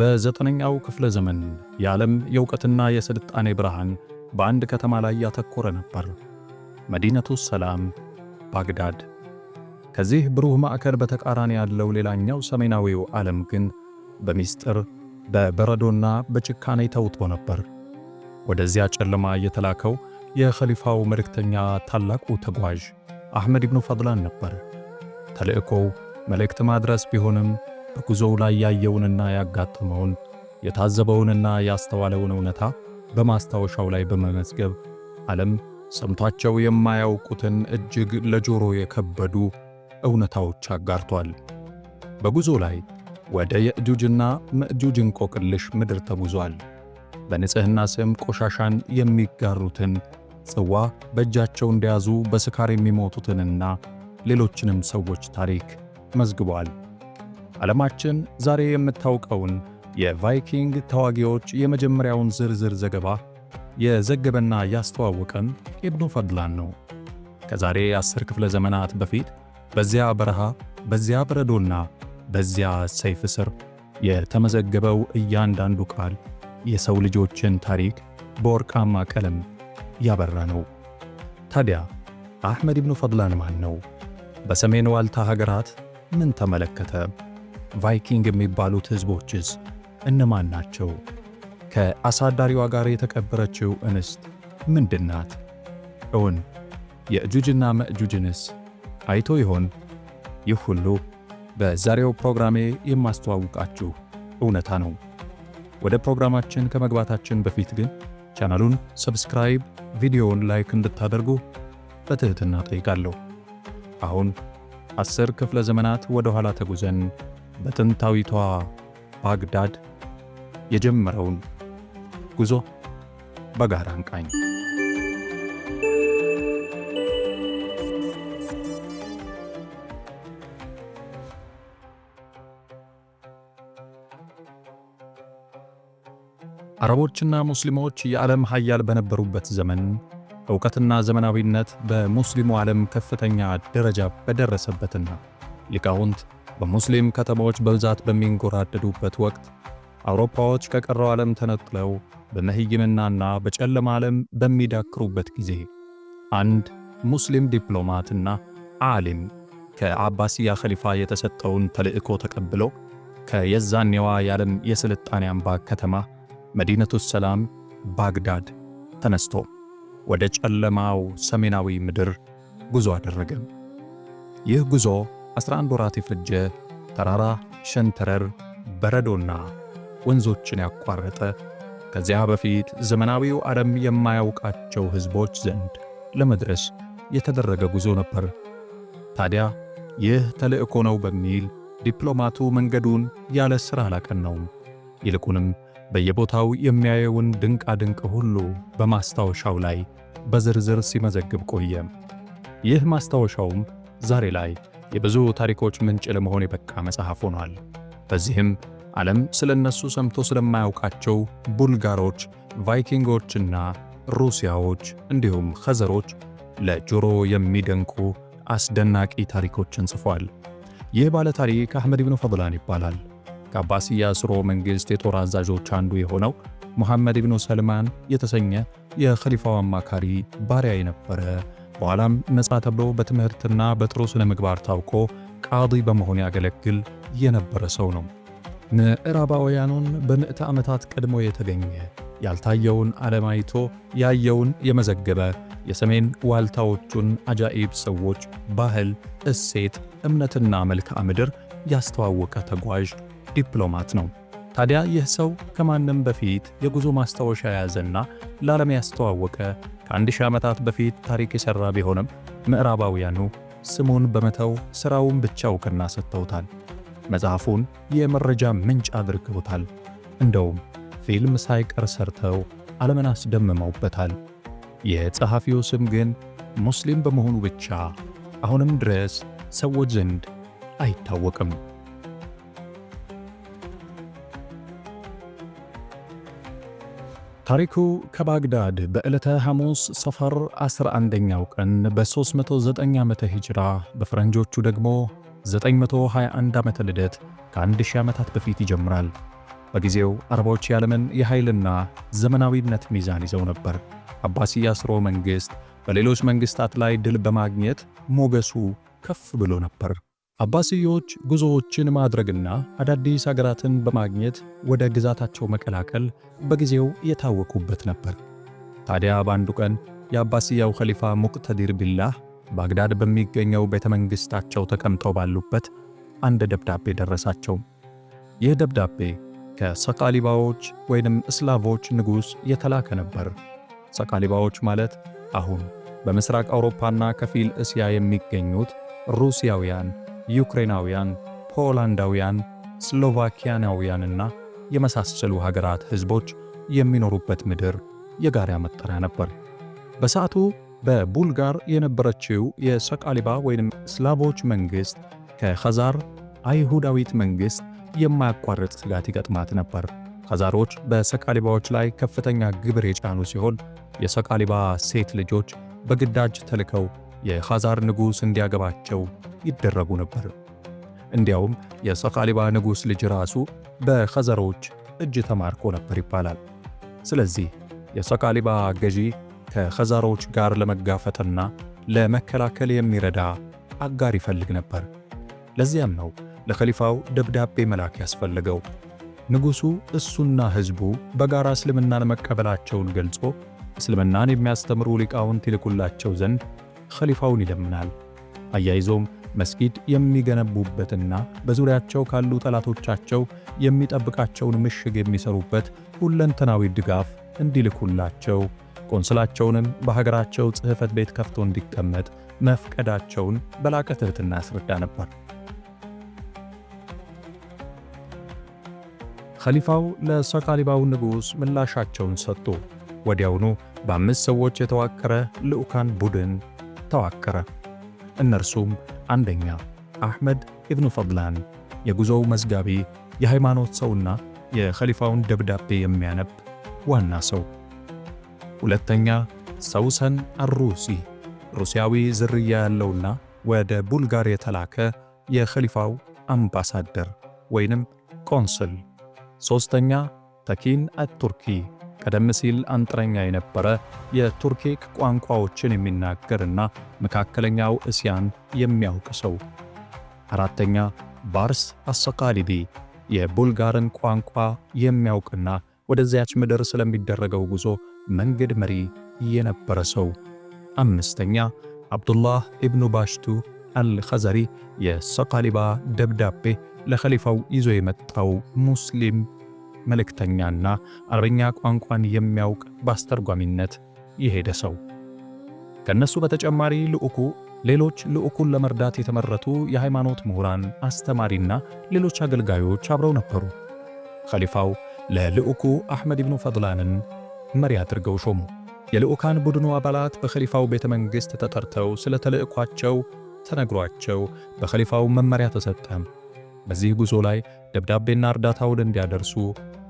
በዘጠነኛው ክፍለ ዘመን የዓለም የእውቀትና የስልጣኔ ብርሃን በአንድ ከተማ ላይ ያተኮረ ነበር፣ መዲነቱ ሰላም ባግዳድ። ከዚህ ብሩህ ማዕከል በተቃራኒ ያለው ሌላኛው ሰሜናዊው ዓለም ግን በሚስጥር በበረዶና በጭካኔ ተውጦ ነበር። ወደዚያ ጨለማ የተላከው የኸሊፋው መልእክተኛ ታላቁ ተጓዥ አሕመድ ኢብኑ ፈድላን ነበር። ተልእኮው መልእክት ማድረስ ቢሆንም በጉዞው ላይ ያየውንና ያጋጠመውን የታዘበውንና ያስተዋለውን እውነታ በማስታወሻው ላይ በመመዝገብ ዓለም ሰምቷቸው የማያውቁትን እጅግ ለጆሮ የከበዱ እውነታዎች አጋርቷል። በጉዞ ላይ ወደ የእጁጅና መእጁጅ እንቆቅልሽ ምድር ተጉዟል። በንጽሕና ስም ቆሻሻን የሚጋሩትን ጽዋ በእጃቸው እንደያዙ በስካር የሚሞቱትንና ሌሎችንም ሰዎች ታሪክ መዝግቧል። ዓለማችን ዛሬ የምታውቀውን የቫይኪንግ ተዋጊዎች የመጀመሪያውን ዝርዝር ዘገባ የዘገበና ያስተዋወቀን ኢብኑ ፈድላን ነው። ከዛሬ አስር ክፍለ ዘመናት በፊት በዚያ በረሃ በዚያ በረዶና በዚያ ሰይፍ ስር የተመዘገበው እያንዳንዱ ቃል የሰው ልጆችን ታሪክ በወርቃማ ቀለም ያበራ ነው። ታዲያ አሕመድ ኢብኑ ፈድላን ማን ነው? በሰሜን ዋልታ ሀገራት ምን ተመለከተ? ቫይኪንግ የሚባሉት ህዝቦችስ እነማን ናቸው? ከአሳዳሪዋ ጋር የተቀበረችው እንስት ምንድናት እውን የእጁጅና መእጁጅንስ አይቶ ይሆን? ይህ ሁሉ በዛሬው ፕሮግራሜ የማስተዋውቃችሁ እውነታ ነው። ወደ ፕሮግራማችን ከመግባታችን በፊት ግን ቻናሉን ሰብስክራይብ፣ ቪዲዮውን ላይክ እንድታደርጉ በትህትና ጠይቃለሁ። አሁን አስር ክፍለ ዘመናት ወደ ኋላ ተጉዘን በጥንታዊቷ ባግዳድ የጀመረውን ጉዞ በጋራ እንቃኝ። አረቦችና ሙስሊሞች የዓለም ሀያል በነበሩበት ዘመን እውቀትና ዘመናዊነት በሙስሊሙ ዓለም ከፍተኛ ደረጃ በደረሰበትና ሊቃውንት በሙስሊም ከተሞች በብዛት በሚንጎራደዱበት ወቅት አውሮፓዎች ከቀረው ዓለም ተነጥለው በመህይምናና በጨለማ ዓለም በሚዳክሩበት ጊዜ አንድ ሙስሊም ዲፕሎማትና ዓሊም ከአባሲያ ኸሊፋ የተሰጠውን ተልእኮ ተቀብሎ ከየዛኔዋ የዓለም የስልጣኔ አምባ ከተማ መዲነቱ ሰላም ባግዳድ ተነስቶ ወደ ጨለማው ሰሜናዊ ምድር ጉዞ አደረገ። ይህ ጉዞ 11 ወራት የፈጀ ተራራ ሸንተረር፣ በረዶና ወንዞችን ያቋረጠ ከዚያ በፊት ዘመናዊው ዓለም የማያውቃቸው ሕዝቦች ዘንድ ለመድረስ የተደረገ ጉዞ ነበር። ታዲያ ይህ ተልእኮ ነው በሚል ዲፕሎማቱ መንገዱን ያለ ሥራ አላቀናውም። ይልቁንም በየቦታው የሚያየውን ድንቃ ድንቅ ሁሉ በማስታወሻው ላይ በዝርዝር ሲመዘግብ ቆየ። ይህ ማስታወሻውም ዛሬ ላይ የብዙ ታሪኮች ምንጭ ለመሆን የበቃ መጽሐፍ ሆኗል። በዚህም ዓለም ስለ እነሱ ሰምቶ ስለማያውቃቸው ቡልጋሮች፣ ቫይኪንጎችና ሩሲያዎች እንዲሁም ኸዘሮች ለጆሮ የሚደንቁ አስደናቂ ታሪኮችን ጽፏል። ይህ ባለ ታሪክ አሕመድ ብኑ ፈድላን ይባላል። ከአባስያ ስርወ መንግሥት የጦር አዛዦች አንዱ የሆነው ሙሐመድ ብኑ ሰልማን የተሰኘ የኸሊፋው አማካሪ ባሪያ የነበረ በኋላም ነፃ ተብሎ በትምህርትና በጥሩ ስነ ምግባር ታውቆ ቃዲ በመሆን ያገለግል የነበረ ሰው ነው። ምዕራባውያኑን በምዕተ ዓመታት ቀድሞ የተገኘ ያልታየውን ዓለም አይቶ ያየውን የመዘገበ የሰሜን ዋልታዎቹን አጃኢብ ሰዎች ባህል፣ እሴት፣ እምነትና መልክዓ ምድር ያስተዋወቀ ተጓዥ ዲፕሎማት ነው። ታዲያ ይህ ሰው ከማንም በፊት የጉዞ ማስታወሻ የያዘና ለዓለም ያስተዋወቀ ከአንድ ሺህ ዓመታት በፊት ታሪክ የሠራ ቢሆንም ምዕራባውያኑ ስሙን በመተው ሥራውን ብቻ እውቅና ሰጥተውታል። መጽሐፉን የመረጃ ምንጭ አድርገውታል። እንደውም ፊልም ሳይቀር ሰርተው ዓለምን አስደምመውበታል። የጸሐፊው ስም ግን ሙስሊም በመሆኑ ብቻ አሁንም ድረስ ሰዎች ዘንድ አይታወቅም። ታሪኩ ከባግዳድ በዕለተ ሐሙስ ሰፈር 11ኛው ቀን በ309 ዓመተ ሂጅራ በፈረንጆቹ ደግሞ 921 ዓመተ ልደት ከ1000 ዓመታት በፊት ይጀምራል። በጊዜው አረቦች የዓለምን የኃይልና ዘመናዊነት ሚዛን ይዘው ነበር። አባሲያ ስርወ መንግሥት በሌሎች መንግሥታት ላይ ድል በማግኘት ሞገሱ ከፍ ብሎ ነበር። አባስዮች ጉዞዎችን ማድረግና አዳዲስ አገራትን በማግኘት ወደ ግዛታቸው መቀላቀል በጊዜው የታወቁበት ነበር። ታዲያ በአንዱ ቀን የአባስያው ኸሊፋ ሙቅተዲር ቢላህ ባግዳድ በሚገኘው ቤተ መንግሥታቸው ተቀምጠው ባሉበት አንድ ደብዳቤ ደረሳቸው። ይህ ደብዳቤ ከሰቃሊባዎች ወይንም እስላቮች ንጉሥ የተላከ ነበር። ሰቃሊባዎች ማለት አሁን በምስራቅ አውሮፓና ከፊል እስያ የሚገኙት ሩሲያውያን ዩክሬናውያን፣ ፖላንዳውያን፣ ስሎቫኪያናውያንና የመሳሰሉ ሀገራት ሕዝቦች የሚኖሩበት ምድር የጋሪያ መጠሪያ ነበር። በሰዓቱ በቡልጋር የነበረችው የሰቃሊባ ወይም ስላቮች መንግሥት ከኸዛር አይሁዳዊት መንግሥት የማያቋርጥ ስጋት ይገጥማት ነበር። ኸዛሮች በሰቃሊባዎች ላይ ከፍተኛ ግብር የጫኑ ሲሆን የሰቃሊባ ሴት ልጆች በግዳጅ ተልከው የኻዛር ንጉሥ እንዲያገባቸው ይደረጉ ነበር። እንዲያውም የሰቃሊባ ንጉሥ ልጅ ራሱ በኸዘሮች እጅ ተማርኮ ነበር ይባላል። ስለዚህ የሰቃሊባ ገዢ ከኸዛሮች ጋር ለመጋፈጥና ለመከላከል የሚረዳ አጋር ይፈልግ ነበር። ለዚያም ነው ለኸሊፋው ደብዳቤ መላክ ያስፈልገው። ንጉሡ እሱና ሕዝቡ በጋራ እስልምናን መቀበላቸውን ገልጾ እስልምናን የሚያስተምሩ ሊቃውንት ይልኩላቸው ዘንድ ኸሊፋውን ይለምናል። አያይዞም መስጊድ የሚገነቡበትና በዙሪያቸው ካሉ ጠላቶቻቸው የሚጠብቃቸውን ምሽግ የሚሰሩበት ሁለንተናዊ ድጋፍ እንዲልኩላቸው ቆንስላቸውንም በሀገራቸው ጽሕፈት ቤት ከፍቶ እንዲቀመጥ መፍቀዳቸውን በላቀ ትሕትና ያስረዳ ነበር። ኸሊፋው ለሰቃሊባው ንጉሥ ምላሻቸውን ሰጡ። ወዲያውኑ በአምስት ሰዎች የተዋቀረ ልዑካን ቡድን ተዋከረ። እነርሱም አንደኛ አሕመድ ኢብኑ ፈድላን የጉዞው መዝጋቢ የሃይማኖት ሰውና የኸሊፋውን ደብዳቤ የሚያነብ ዋና ሰው፣ ሁለተኛ ሰውሰን አሩሲ ሩሲያዊ ዝርያ ያለውና ወደ ቡልጋር የተላከ የኸሊፋው አምባሳደር ወይንም ኮንስል ሦስተኛ ተኪን አቱርኪ ቀደም ሲል አንጥረኛ የነበረ የቱርኪክ ቋንቋዎችን የሚናገርና መካከለኛው እስያን የሚያውቅ ሰው። አራተኛ ባርስ አሰቃሊቢ የቡልጋርን ቋንቋ የሚያውቅና ወደዚያች ምድር ስለሚደረገው ጉዞ መንገድ መሪ የነበረ ሰው። አምስተኛ አብዱላህ ኢብኑ ባሽቱ አልኸዘሪ የሰቃሊባ ደብዳቤ ለኸሊፋው ይዞ የመጣው ሙስሊም መልእክተኛና አረበኛ ቋንቋን የሚያውቅ በአስተርጓሚነት የሄደ ሰው። ከእነሱ በተጨማሪ ልዑኩ ሌሎች ልዑኩን ለመርዳት የተመረቱ የሃይማኖት ምሁራን፣ አስተማሪና ሌሎች አገልጋዮች አብረው ነበሩ። ኸሊፋው ለልዑኩ አሕመድ ብኑ ፈድላንን መሪ አድርገው ሾሙ። የልዑካን ቡድኑ አባላት በኸሊፋው ቤተ መንግሥት ተጠርተው ስለ ተልዕኳቸው ተነግሯቸው በኸሊፋው መመሪያ ተሰጠም። በዚህ ጉዞ ላይ ደብዳቤና እርዳታውን እንዲያደርሱ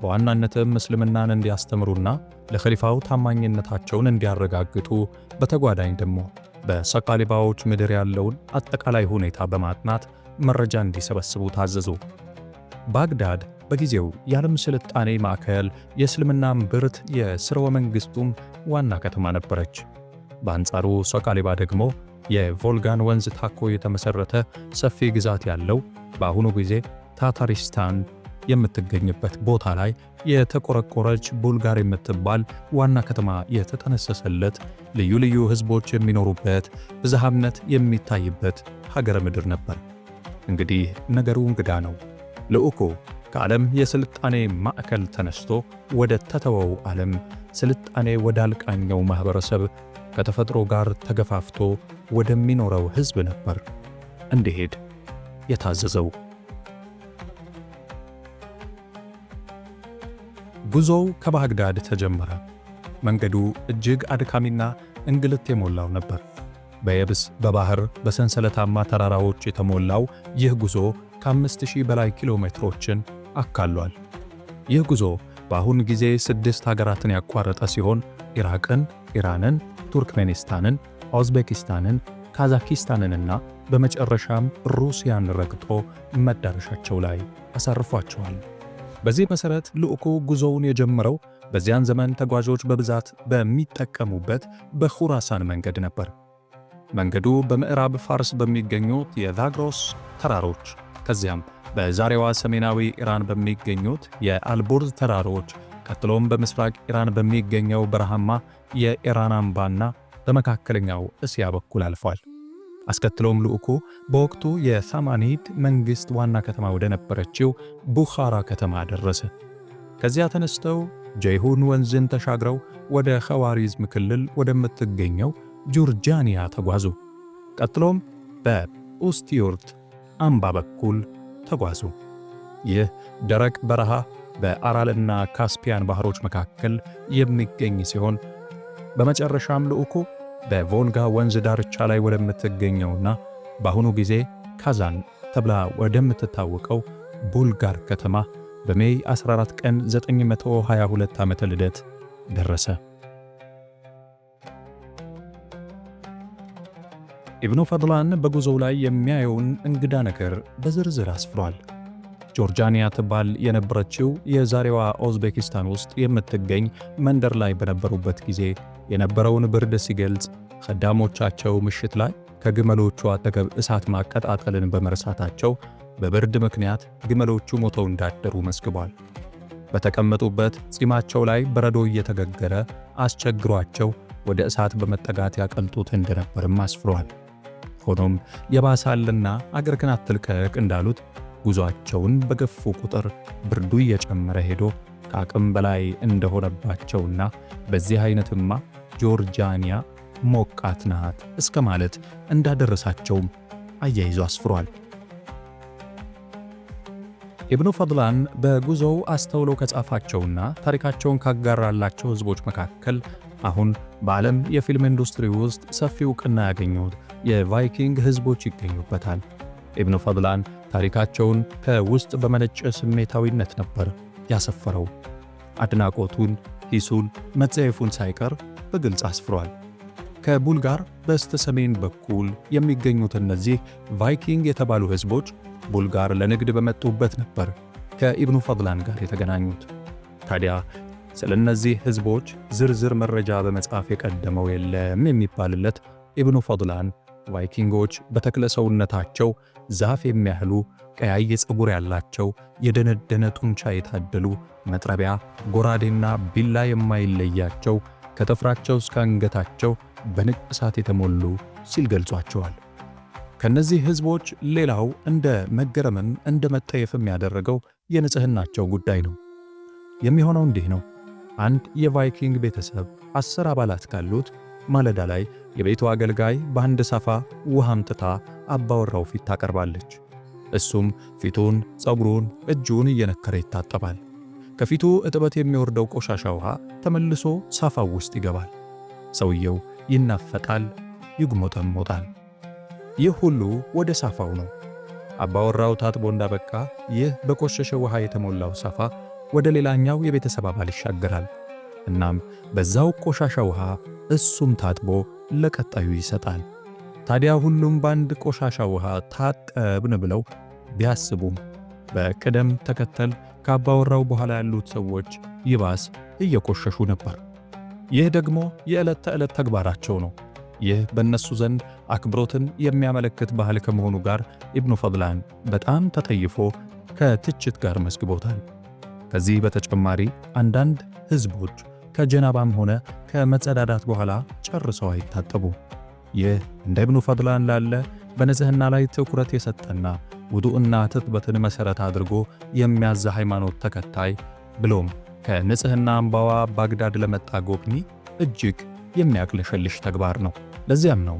በዋናነትም እስልምናን እንዲያስተምሩና ለኸሊፋው ታማኝነታቸውን እንዲያረጋግጡ በተጓዳኝ ደግሞ በሰቃሊባዎች ምድር ያለውን አጠቃላይ ሁኔታ በማጥናት መረጃ እንዲሰበስቡ ታዘዙ። ባግዳድ በጊዜው የዓለም ስልጣኔ ማዕከል፣ የእስልምናም ብርት፣ የሥርወ መንግሥቱም ዋና ከተማ ነበረች። በአንጻሩ ሰቃሊባ ደግሞ የቮልጋን ወንዝ ታኮ የተመሰረተ ሰፊ ግዛት ያለው በአሁኑ ጊዜ ታታሪስታን የምትገኝበት ቦታ ላይ የተቆረቆረች ቡልጋር የምትባል ዋና ከተማ የተጠነሰሰለት ልዩ ልዩ ህዝቦች የሚኖሩበት ብዝሃነት የሚታይበት ሀገረ ምድር ነበር። እንግዲህ ነገሩ እንግዳ ነው። ልዑኩ ከዓለም የሥልጣኔ ማዕከል ተነስቶ ወደ ተተወው ዓለም ስልጣኔ ወዳልቃኘው ማኅበረሰብ ከተፈጥሮ ጋር ተገፋፍቶ ወደሚኖረው ሕዝብ ነበር እንዲሄድ የታዘዘው። ጉዞው ከባግዳድ ተጀመረ። መንገዱ እጅግ አድካሚና እንግልት የሞላው ነበር። በየብስ በባህር፣ በሰንሰለታማ ተራራዎች የተሞላው ይህ ጉዞ ከ5000 በላይ ኪሎ ሜትሮችን አካሏል። ይህ ጉዞ በአሁን ጊዜ ስድስት ሀገራትን ያቋረጠ ሲሆን ኢራቅን፣ ኢራንን፣ ቱርክሜኒስታንን ኡዝቤኪስታንን፣ ካዛኪስታንንና በመጨረሻም ሩሲያን ረግጦ መዳረሻቸው ላይ አሳርፏቸዋል። በዚህ መሠረት ልዑኩ ጉዞውን የጀመረው በዚያን ዘመን ተጓዦች በብዛት በሚጠቀሙበት በኹራሳን መንገድ ነበር። መንገዱ በምዕራብ ፋርስ በሚገኙት የዛግሮስ ተራሮች ከዚያም በዛሬዋ ሰሜናዊ ኢራን በሚገኙት የአልቡርዝ ተራሮች ቀጥሎም በምስራቅ ኢራን በሚገኘው በረሃማ የኢራን አምባና በመካከለኛው እስያ በኩል አልፏል። አስከትሎም ልዑኩ በወቅቱ የሳማኒድ መንግሥት ዋና ከተማ ወደ ነበረችው ቡኻራ ከተማ ደረሰ። ከዚያ ተነስተው ጀይሁን ወንዝን ተሻግረው ወደ ኸዋሪዝም ክልል ወደምትገኘው ጁርጃንያ ተጓዙ። ቀጥሎም በኡስትዮርት አምባ በኩል ተጓዙ። ይህ ደረቅ በረሃ በአራልና ካስፒያን ባህሮች መካከል የሚገኝ ሲሆን በመጨረሻም ልዑኩ በቮልጋ ወንዝ ዳርቻ ላይ ወደምትገኘውና በአሁኑ ጊዜ ካዛን ተብላ ወደምትታወቀው ቡልጋር ከተማ በሜይ 14 ቀን 922 ዓመተ ልደት ደረሰ። ኢብኑ ፈድላን በጉዞው ላይ የሚያየውን እንግዳ ነገር በዝርዝር አስፍሯል። ጆርጃኒያ ትባል የነበረችው የዛሬዋ ኡዝቤኪስታን ውስጥ የምትገኝ መንደር ላይ በነበሩበት ጊዜ የነበረውን ብርድ ሲገልጽ ከዳሞቻቸው ምሽት ላይ ከግመሎቹ አጠገብ እሳት ማቀጣጠልን በመርሳታቸው በብርድ ምክንያት ግመሎቹ ሞተው እንዳደሩ መስግቧል። በተቀመጡበት ጺማቸው ላይ በረዶ እየተገገረ አስቸግሯቸው ወደ እሳት በመጠጋት ያቀልጡት እንደነበርም አስፍሯል። ሆኖም የባሳልና አገር ክን አትልቀቅ እንዳሉት ጉዟቸውን በገፉ ቁጥር ብርዱ እየጨመረ ሄዶ ከአቅም በላይ እንደሆነባቸውና በዚህ አይነትማ ጆርጃኒያ ሞቃት ናት እስከ ማለት እንዳደረሳቸውም አያይዞ አስፍሯል። ኢብኑ ፈድላን በጉዞው አስተውሎ ከጻፋቸውና ታሪካቸውን ካጋራላቸው ህዝቦች መካከል አሁን በዓለም የፊልም ኢንዱስትሪ ውስጥ ሰፊ እውቅና ያገኙት የቫይኪንግ ህዝቦች ይገኙበታል። ኢብኑ ፈድላን ታሪካቸውን ከውስጥ በመነጨ ስሜታዊነት ነበር ያሰፈረው። አድናቆቱን፣ ሂሱን፣ መጸየፉን ሳይቀር በግልጽ አስፍሯል። ከቡልጋር በስተ ሰሜን በኩል የሚገኙት እነዚህ ቫይኪንግ የተባሉ ሕዝቦች ቡልጋር ለንግድ በመጡበት ነበር ከኢብኑ ፈድላን ጋር የተገናኙት። ታዲያ ስለ እነዚህ ሕዝቦች ዝርዝር መረጃ በመጻፍ የቀደመው የለም የሚባልለት ኢብኑ ፈድላን ቫይኪንጎች በተክለ ሰውነታቸው ዛፍ የሚያህሉ ቀያይ ፀጉር ያላቸው የደነደነ ጡንቻ የታደሉ መጥረቢያ፣ ጎራዴና ቢላ የማይለያቸው ከጥፍራቸው እስከ አንገታቸው በንቅሳት የተሞሉ ሲል ገልጿቸዋል። ከነዚህ ህዝቦች ሌላው እንደ መገረምም እንደ መጠየፍም ያደረገው የንጽህናቸው ጉዳይ ነው። የሚሆነው እንዲህ ነው። አንድ የቫይኪንግ ቤተሰብ አስር አባላት ካሉት ማለዳ ላይ የቤቱ አገልጋይ በአንድ ሰፋ ውሃ አምጥታ አባወራው ፊት ታቀርባለች። እሱም ፊቱን፣ ጸጉሩን፣ እጁን እየነከረ ይታጠባል። ከፊቱ እጥበት የሚወርደው ቆሻሻ ውሃ ተመልሶ ሳፋው ውስጥ ይገባል። ሰውየው ይናፈጣል፣ ይጉመጠሞጣል። ይህ ሁሉ ወደ ሳፋው ነው። አባወራው ታጥቦ እንዳበቃ ይህ በቆሸሸ ውሃ የተሞላው ሳፋ ወደ ሌላኛው የቤተሰብ አባል ይሻገራል። እናም በዛው ቆሻሻ ውሃ እሱም ታጥቦ ለቀጣዩ ይሰጣል። ታዲያ ሁሉም በአንድ ቆሻሻ ውሃ ታጠብን ብለው ቢያስቡም በቅደም ተከተል ካባወራው በኋላ ያሉት ሰዎች ይባስ እየቆሸሹ ነበር። ይህ ደግሞ የዕለት ተዕለት ተግባራቸው ነው። ይህ በእነሱ ዘንድ አክብሮትን የሚያመለክት ባህል ከመሆኑ ጋር ኢብኑ ፈድላን በጣም ተጠይፎ ከትችት ጋር መስግቦታል። ከዚህ በተጨማሪ አንዳንድ ሕዝቦች ከጀናባም ሆነ ከመጸዳዳት በኋላ ጨርሰው አይታጠቡ። ይህ እንደ ኢብኑ ፈድላን ላለ በንጽህና ላይ ትኩረት የሰጠና ውዱእና ትጥበትን መሠረት አድርጎ የሚያዘ ሃይማኖት ተከታይ ብሎም ከንጽህና አምባዋ ባግዳድ ለመጣ ጎብኚ እጅግ የሚያቅለሸልሽ ተግባር ነው። ለዚያም ነው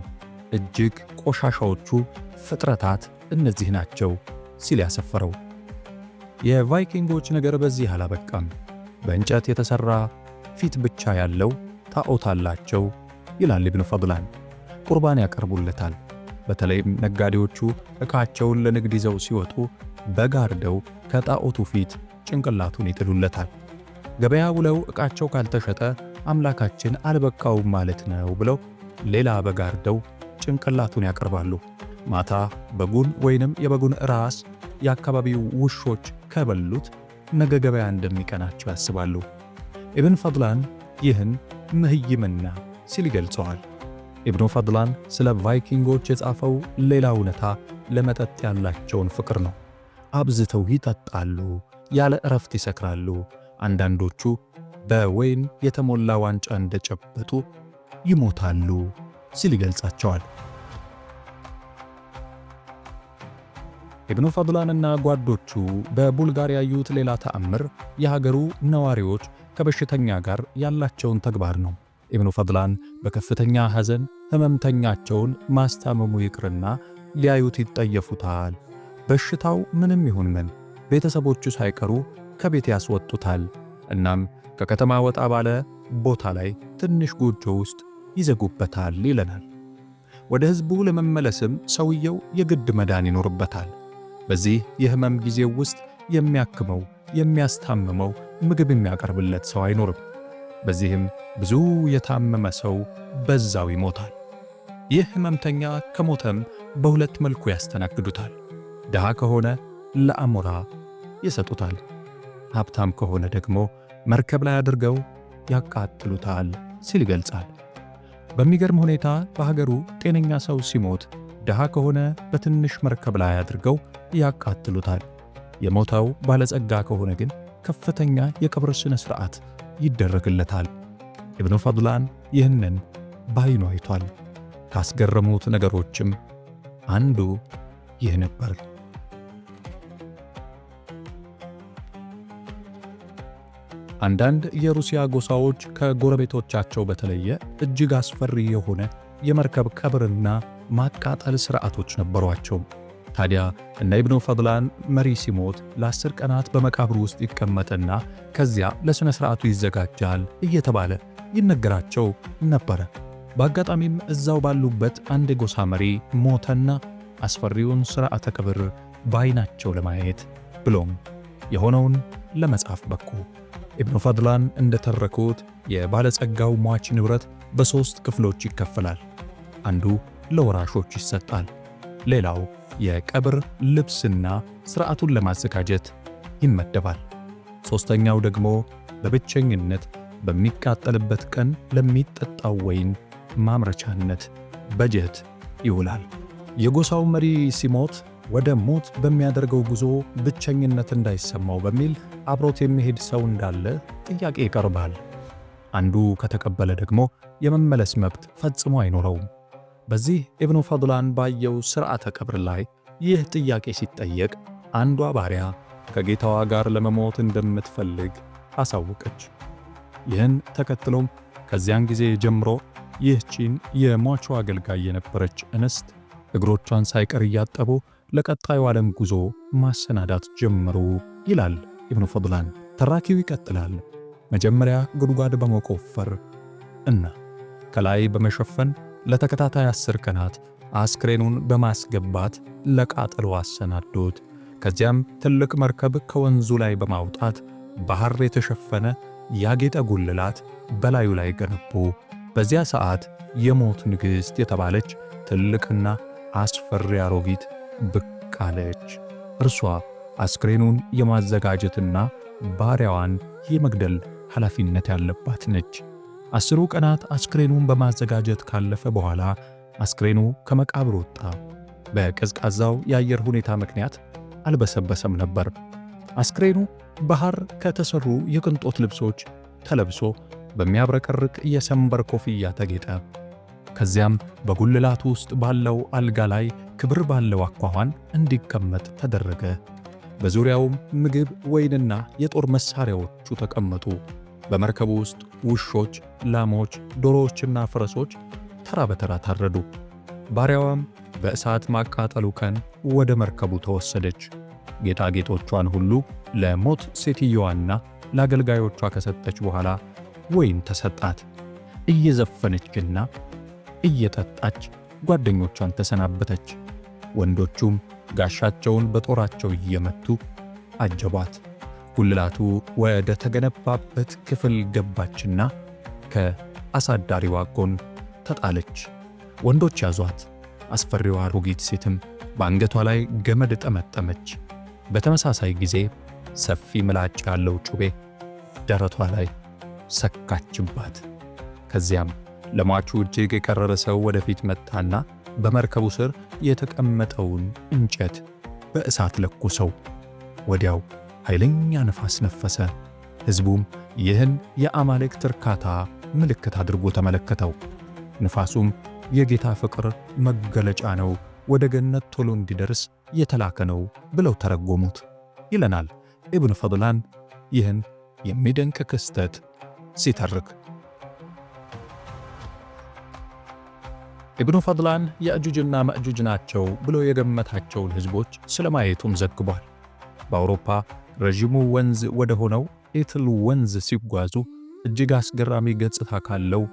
እጅግ ቆሻሻዎቹ ፍጥረታት እነዚህ ናቸው ሲል ያሰፈረው። የቫይኪንጎች ነገር በዚህ አላበቃም። በእንጨት የተሠራ ፊት ብቻ ያለው ጣዖት አላቸው ይላል ኢብኑ ፈድላን። ቁርባን ያቀርቡለታል። በተለይም ነጋዴዎቹ ዕቃቸውን ለንግድ ይዘው ሲወጡ በጋርደው ከጣዖቱ ፊት ጭንቅላቱን ይጥሉለታል። ገበያ ውለው ዕቃቸው ካልተሸጠ አምላካችን አልበቃውም ማለት ነው ብለው ሌላ በጋርደው ጭንቅላቱን ያቀርባሉ። ማታ በጉን ወይንም የበጉን ራስ የአካባቢው ውሾች ከበሉት ነገ ገበያ እንደሚቀናቸው ያስባሉ። ኢብን ፈድላን ይህን ምህይምና ሲል ይገልጸዋል። ኢብኑ ፈድላን ስለ ቫይኪንጎች የጻፈው ሌላ እውነታ ለመጠጥ ያላቸውን ፍቅር ነው። አብዝተው ይጠጣሉ፣ ያለ እረፍት ይሰክራሉ። አንዳንዶቹ በወይን የተሞላ ዋንጫ እንደጨበጡ ይሞታሉ ሲል ይገልጻቸዋል። ኢብኑ ፈድላንና ጓዶቹ በቡልጋሪያ ያዩት ሌላ ተአምር የሀገሩ ነዋሪዎች ከበሽተኛ ጋር ያላቸውን ተግባር ነው። ኢብኑ ፈድላን በከፍተኛ ሐዘን ህመምተኛቸውን ማስታመሙ ይቅርና ሊያዩት ይጠየፉታል። በሽታው ምንም ይሁን ምን ቤተሰቦቹ ሳይቀሩ ከቤት ያስወጡታል። እናም ከከተማ ወጣ ባለ ቦታ ላይ ትንሽ ጎጆ ውስጥ ይዘጉበታል ይለናል። ወደ ህዝቡ ለመመለስም ሰውየው የግድ መዳን ይኖርበታል። በዚህ የህመም ጊዜው ውስጥ የሚያክመው የሚያስታምመው ምግብ የሚያቀርብለት ሰው አይኖርም። በዚህም ብዙ የታመመ ሰው በዛው ይሞታል። ይህ ሕመምተኛ ከሞተም በሁለት መልኩ ያስተናግዱታል። ድሃ ከሆነ ለአሞራ ይሰጡታል። ሀብታም ከሆነ ደግሞ መርከብ ላይ አድርገው ያቃጥሉታል ሲል ይገልጻል። በሚገርም ሁኔታ በሀገሩ ጤነኛ ሰው ሲሞት ድሃ ከሆነ በትንሽ መርከብ ላይ አድርገው ያቃጥሉታል። የሞተው ባለጸጋ ከሆነ ግን ከፍተኛ የቀብር ሥነ ሥርዓት ይደረግለታል። ኢብኑ ፈድላን ይህንን ባይኑ አይቷል። ካስገረሙት ነገሮችም አንዱ ይህ ነበር። አንዳንድ የሩሲያ ጎሳዎች ከጎረቤቶቻቸው በተለየ እጅግ አስፈሪ የሆነ የመርከብ ቀብርና ማቃጠል ሥርዓቶች ነበሯቸው። ታዲያ እነ ኢብኑ ፈድላን መሪ ሲሞት ለአስር ቀናት በመቃብሩ ውስጥ ይቀመጥና ከዚያ ለሥነ ሥርዓቱ ይዘጋጃል እየተባለ ይነገራቸው ነበረ። በአጋጣሚም እዛው ባሉበት አንድ የጎሳ መሪ ሞተና አስፈሪውን ሥርዓተ ቀብር ባይናቸው ለማየት ብሎም የሆነውን ለመጻፍ በኩ ኢብኑ ፈድላን እንደተረኩት የባለጸጋው ሟች ንብረት በሦስት ክፍሎች ይከፈላል። አንዱ ለወራሾች ይሰጣል፣ ሌላው የቀብር ልብስና ሥርዓቱን ለማዘጋጀት ይመደባል። ሦስተኛው ደግሞ በብቸኝነት በሚቃጠልበት ቀን ለሚጠጣው ወይን ማምረቻነት በጀት ይውላል። የጎሳው መሪ ሲሞት ወደ ሞት በሚያደርገው ጉዞ ብቸኝነት እንዳይሰማው በሚል አብሮት የሚሄድ ሰው እንዳለ ጥያቄ ይቀርባል። አንዱ ከተቀበለ ደግሞ የመመለስ መብት ፈጽሞ አይኖረውም። በዚህ ኢብኑ ፈድላን ባየው ሥርዓተ ቀብር ላይ ይህ ጥያቄ ሲጠየቅ አንዷ ባሪያ ከጌታዋ ጋር ለመሞት እንደምትፈልግ አሳወቀች። ይህን ተከትሎም ከዚያን ጊዜ ጀምሮ ይህቺን የሟቹ አገልጋይ የነበረች እንስት እግሮቿን ሳይቀር እያጠቡ ለቀጣዩ ዓለም ጉዞ ማሰናዳት ጀመሩ ይላል ኢብኑ ፈድላን። ተራኪው ይቀጥላል። መጀመሪያ ጉድጓድ በመቆፈር እና ከላይ በመሸፈን ለተከታታይ አስር ቀናት አስክሬኑን በማስገባት ለቃጠሎ አሰናዱት። ከዚያም ትልቅ መርከብ ከወንዙ ላይ በማውጣት ባህር የተሸፈነ ያጌጠ ጉልላት በላዩ ላይ ገነቡ። በዚያ ሰዓት የሞት ንግሥት የተባለች ትልቅና አስፈሪ አሮጊት ብቅ አለች። እርሷ አስክሬኑን የማዘጋጀትና ባሪያዋን የመግደል ኃላፊነት ያለባት ነች። አስሩ ቀናት አስክሬኑን በማዘጋጀት ካለፈ በኋላ አስክሬኑ ከመቃብር ወጣ። በቀዝቃዛው የአየር ሁኔታ ምክንያት አልበሰበሰም ነበር። አስክሬኑ በሐር ከተሰሩ የቅንጦት ልብሶች ተለብሶ በሚያብረቀርቅ የሰንበር ኮፍያ ተጌጠ። ከዚያም በጉልላቱ ውስጥ ባለው አልጋ ላይ ክብር ባለው አኳኋን እንዲቀመጥ ተደረገ። በዙሪያውም ምግብ፣ ወይንና የጦር መሳሪያዎቹ ተቀመጡ። በመርከቡ ውስጥ ውሾች፣ ላሞች፣ ዶሮዎችና ፈረሶች ተራ በተራ ታረዱ። ባሪያዋም በእሳት ማቃጠሉ ቀን ወደ መርከቡ ተወሰደች። ጌጣጌጦቿን ሁሉ ለሞት ሴትየዋና ለአገልጋዮቿ ከሰጠች በኋላ ወይን ተሰጣት። እየዘፈነች ግና እየጠጣች ጓደኞቿን ተሰናበተች። ወንዶቹም ጋሻቸውን በጦራቸው እየመቱ አጀቧት። ጉልላቱ ወደ ተገነባበት ክፍል ገባችና ከአሳዳሪዋ ጎን ተጣለች። ወንዶች ያዟት። አስፈሪዋ አሮጊት ሴትም በአንገቷ ላይ ገመድ ጠመጠመች። በተመሳሳይ ጊዜ ሰፊ ምላጭ ያለው ጩቤ ደረቷ ላይ ሰካችባት። ከዚያም ለሟቹ እጅግ የቀረረ ሰው ወደፊት መጣና በመርከቡ ስር የተቀመጠውን እንጨት በእሳት ለኩሰው ወዲያው ኃይለኛ ነፋስ ነፈሰ። ሕዝቡም ይህን የአማልክት እርካታ ምልክት አድርጎ ተመለከተው። ንፋሱም የጌታ ፍቅር መገለጫ ነው፣ ወደ ገነት ቶሎ እንዲደርስ የተላከ ነው ብለው ተረጎሙት ይለናል ኢብን ፈድላን ይህን የሚደንቅ ክስተት ሲተርክ። ኢብኑ ፈድላን የእጁጅና መእጁጅ ናቸው ብሎ የገመታቸውን ሕዝቦች ስለማየቱም ዘግቧል። በአውሮፓ ረዥሙ ወንዝ ወደ ሆነው ኤትል ወንዝ ሲጓዙ እጅግ አስገራሚ ገጽታ ካለው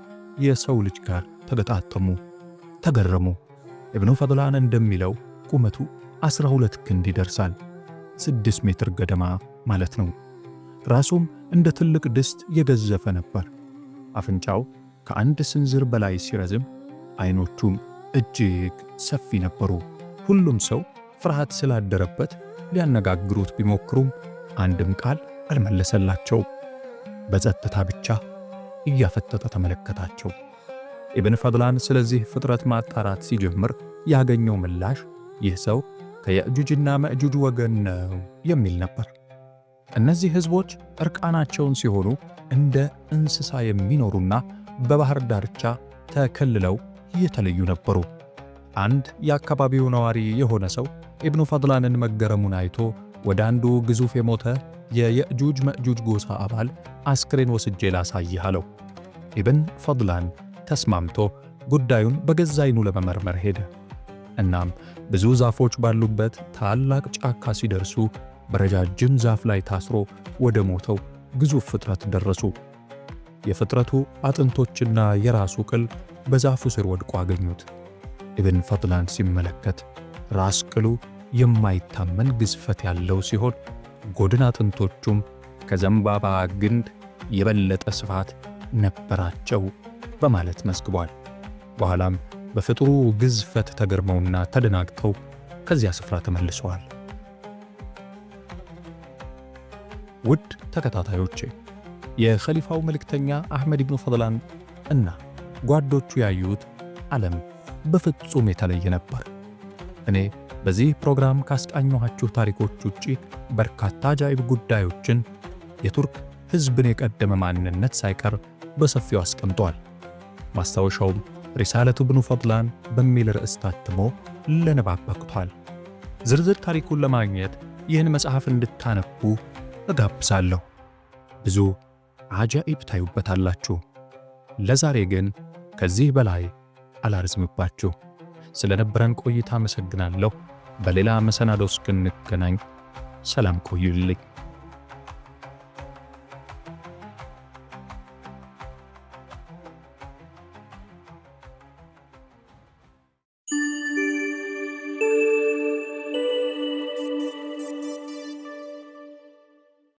የሰው ልጅ ጋር ተገጣጠሙ፣ ተገረሙ። ኢብኑ ፈድላን እንደሚለው ቁመቱ 12 ክንድ ይደርሳል፣ 6 ሜትር ገደማ ማለት ነው። ራሱም እንደ ትልቅ ድስት የገዘፈ ነበር። አፍንጫው ከአንድ ስንዝር በላይ ሲረዝም፣ አይኖቹም እጅግ ሰፊ ነበሩ። ሁሉም ሰው ፍርሃት ስላደረበት ሊያነጋግሩት ቢሞክሩም አንድም ቃል አልመለሰላቸውም። በጸጥታ ብቻ እያፈጠጠ ተመለከታቸው። ኢብን ፈድላን ስለዚህ ፍጥረት ማጣራት ሲጀምር ያገኘው ምላሽ ይህ ሰው ከየእጁጅና መእጁጅ ወገን ነው የሚል ነበር። እነዚህ ሕዝቦች እርቃናቸውን ሲሆኑ እንደ እንስሳ የሚኖሩና በባህር ዳርቻ ተከልለው የተለዩ ነበሩ። አንድ የአካባቢው ነዋሪ የሆነ ሰው ኢብኑ ፈድላንን መገረሙን አይቶ ወደ አንዱ ግዙፍ የሞተ የየእጁጅ መእጁጅ ጎሳ አባል አስክሬን ወስጄ ላሳይህ አለው። ኢብን ፈድላን ተስማምቶ ጉዳዩን በገዛ ዓይኑ ለመመርመር ሄደ። እናም ብዙ ዛፎች ባሉበት ታላቅ ጫካ ሲደርሱ በረጃጅም ዛፍ ላይ ታስሮ ወደ ሞተው ግዙፍ ፍጥረት ደረሱ። የፍጥረቱ አጥንቶችና የራሱ ቅል በዛፉ ስር ወድቆ አገኙት። ኢብን ፈድላን ሲመለከት ራስ ቅሉ የማይታመን ግዝፈት ያለው ሲሆን ጎድን አጥንቶቹም ከዘንባባ ግንድ የበለጠ ስፋት ነበራቸው በማለት መስግቧል። በኋላም በፍጥሩ ግዝፈት ተገርመውና ተደናግተው ከዚያ ስፍራ ተመልሰዋል። ውድ ተከታታዮቼ የኸሊፋው መልእክተኛ አሕመድ ኢብኑ ፈድላን እና ጓዶቹ ያዩት ዓለም በፍጹም የተለየ ነበር። እኔ በዚህ ፕሮግራም ካስቃኘኋችሁ ታሪኮች ውጪ በርካታ አጃኢብ ጉዳዮችን የቱርክ ሕዝብን የቀደመ ማንነት ሳይቀር በሰፊው አስቀምጧል። ማስታወሻውም ሪሳለቱ ብኑ ፈድላን በሚል ርዕስ ታትሞ ለንባብ በቅቷል። ዝርዝር ታሪኩን ለማግኘት ይህን መጽሐፍ እንድታነቡ እጋብዛለሁ። ብዙ አጃኢብ ታዩበታላችሁ። ለዛሬ ግን ከዚህ በላይ አላርዝምባችሁ። ስለነበረን ቆይታ አመሰግናለሁ። በሌላ መሰናዶ እስክንገናኝ ሰላም ቆዩልኝ።